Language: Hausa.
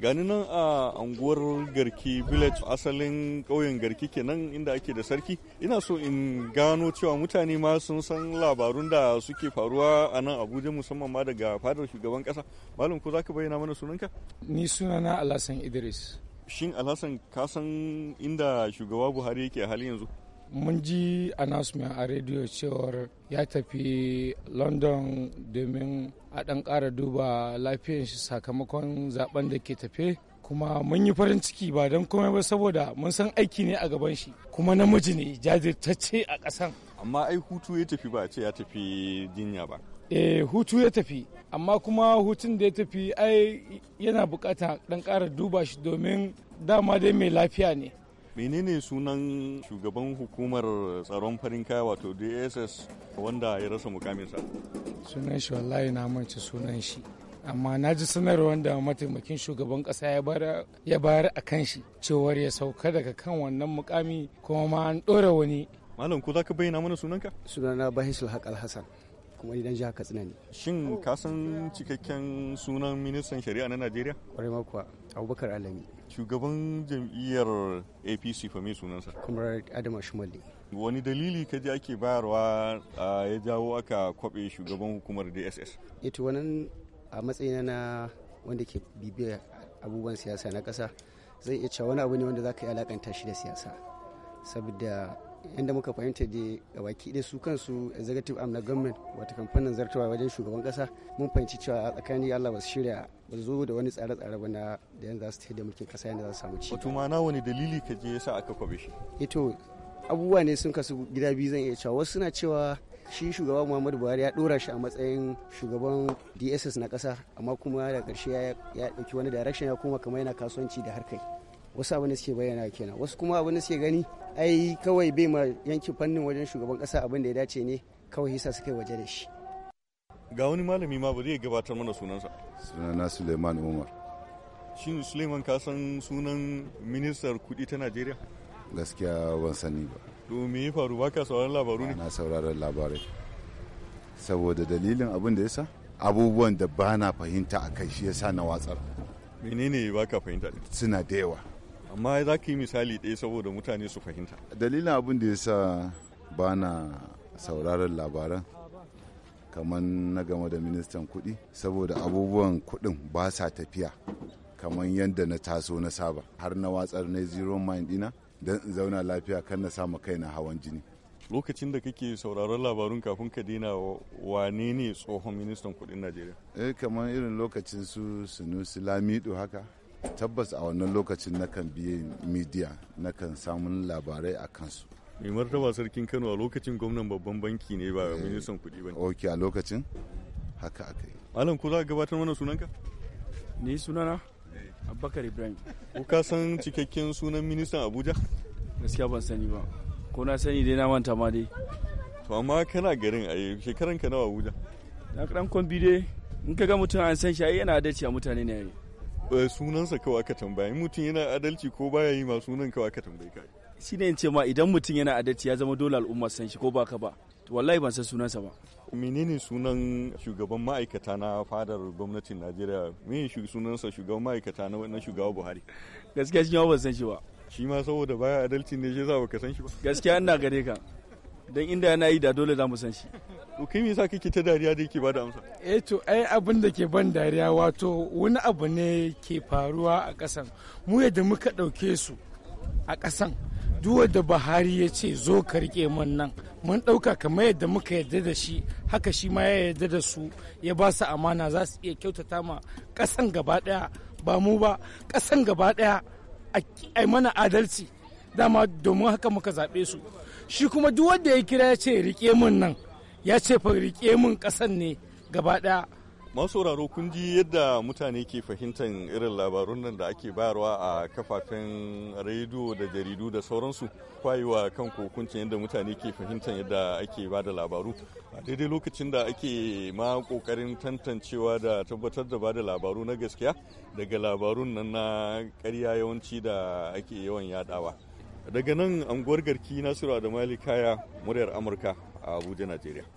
gani nan a unguwar garki village asalin ƙauyen garki kenan inda ake da sarki ina so in gano cewa mutane ma sun san labarun da suke faruwa a nan abuja musamman ma daga fadar shugaban ƙasa malam ko zaka bayyana mana sunanka ni sunana alhassan idris shin alhassan ka san inda shugaba buhari yake hali yanzu mun ji announcement a rediyo cewar ya tafi london domin a ɗan ƙara duba lafiyar shi sakamakon zaben da ke tafe kuma mun yi farin ciki ba don komai ba saboda mun san aiki ne a gaban shi kuma namiji ne jajirtacce a ƙasan amma ai hutu ya tafi ba ce ya tafi jinya ba eh hutu ya tafi amma kuma hutun da ya tafi ai yana bukata ɗan ƙara duba shi domin dama dai mai lafiya ne menene sunan shugaban hukumar tsaron farin kaya wato dss wanda ya rasa mukaminsa sunan shi wallahi na mance sunan shi amma na ji sanar wanda mataimakin shugaban kasa ya bayar a kan shi cewar ya sauka daga kan wannan mukami kuma ma an ɗora wani malam ko za ka bayyana mana sunanka sunana bahisul haƙal hassan kuma idan jiha jihar katsina ne shin ka san cikakken sunan ministan shari'a na najeriya kwarai makuwa abubakar alami shugaban jam'iyyar apc fa mai sunansa kuma adama shimalli. wani dalili ka ji ake bayarwa ya jawo aka kwabe shugaban hukumar dss eto eh wannan a matsayina na wanda ke bibiyar abubuwan siyasa na kasa zai iya cewa wani abu ne wanda za ka yi alakanta shi da siyasa saboda yadda muka fahimta da gabaki ɗaya su kansu executive am na government wata kamfanin zartawa wajen shugaban kasa mun fahimci cewa tsakanin Allah ba su shirya ba zo da wani tsare-tsare ba na da yanzu za su da mulkin kasa yadda za su samu ci. Wato ma'ana wani dalili ka je yasa aka kwabe shi? Ito eh abubuwa ne sun kasu gida biyu zan iya cewa wasu suna cewa shi shugaba muhammadu buhari ya dora shi a matsayin shugaban dss na kasa amma kuma da karshe ya ɗauki wani direction ya koma kamar yana kasuwanci da harkai wasu abin da suke bayyana kenan wasu kuma abin da suke gani ai kawai bai ma yanki fannin wajen shugaban kasa abin da ya dace ne kawai hisa suka yi waje da shi ga wani malami ma ba zai gabatar mana sunansa sunana suleiman umar shin suleiman ka san sunan ministar kudi ta najeriya gaskiya ban sani ba to me ya faru baka sauraron labaru ne na sauraron labarai saboda dalilin abin da yasa abubuwan da bana fahimta a kai shi yasa na watsar menene baka fahimta suna da yawa amma za ka yi misali ɗaya saboda mutane su fahimta dalilin abin da ya sa ba na sauraron labaran kamar na game da ministan kuɗi saboda abubuwan kuɗin ba sa tafiya kamar yadda na taso na saba har na watsar na zero mind dina don in zauna lafiya kan na samu kaina hawan jini lokacin da kake sauraron labarun kafin ka daina wane ne tsohon ministan kuɗin najeriya eh kamar irin lokacin su sunusi lamido haka tabbas a wannan lokacin na kan biye midiya kan samun labarai a kansu mai martaba sarkin kano a lokacin gwamnan babban banki ne ba eh. minisan kuɗi ba ok a lokacin haka aka yi malam ko za ka gabatar mana sunanka ni sunana eh. abubakar ibrahim ko ka san cikakken sunan ministan abuja gaskiya ban sani ba ko na sani dai na manta ma dai to amma kana garin a shekaran nawa abuja na karan kwambi dai in ka ga mutum an san shi yana adalci a mutane ne yi. Eh, sunansa kawai aka tambaye mutum yana adalci ko baya yi ma sunan kawai aka tambaye ka shi ne ce ma idan mutum yana adalci ya zama dole al'umma san shi ko ba ka ba wallahi ban san sunansa ba menene sunan shugaban ma'aikata na fadar gwamnatin najeriya me sunansa shugaban ma'aikata na wannan shugaba buhari gaskiya shi ma ban san shi ba shi ma saboda baya adalci ne shi yasa baka san shi ba gaskiya ina gare ka don inda yana yi da dole za mu san shi to kai me yasa kake ta dariya da yake bada amsa eh to ai abin da ke ban dariya wato wani abu ne ke faruwa a ƙasan. mu yadda muka ɗauke su a ƙasan duk da Buhari ya ce zo ka rike man nan mun ɗauka kamar yadda muka yarda da shi haka shi ma ya yarda da su ya ba su amana za su iya kyautata ma ƙasan gaba daya ba mu ba ƙasan gaba daya ai mana adalci dama domin haka muka zaɓe su shi kuma duk wanda ya kira ya ce rike mun nan ya ce fa rike mun ƙasan ne gaba ɗaya masauraro kun ji yadda mutane ke fahimtar irin labarun nan da ake bayarwa a kafafen rediyo da jaridu da sauransu kwayewa kan kokuncin yadda mutane ke fahimtar yadda ake ba da labaru a daidai lokacin da ake ma kokarin tantancewa da tabbatar da ba da labaru na gaskiya daga labarun nan na karya yawanci da ake yawan yadawa daga nan anguwar garki nasiru adamali kaya muryar amurka a abuja najeriya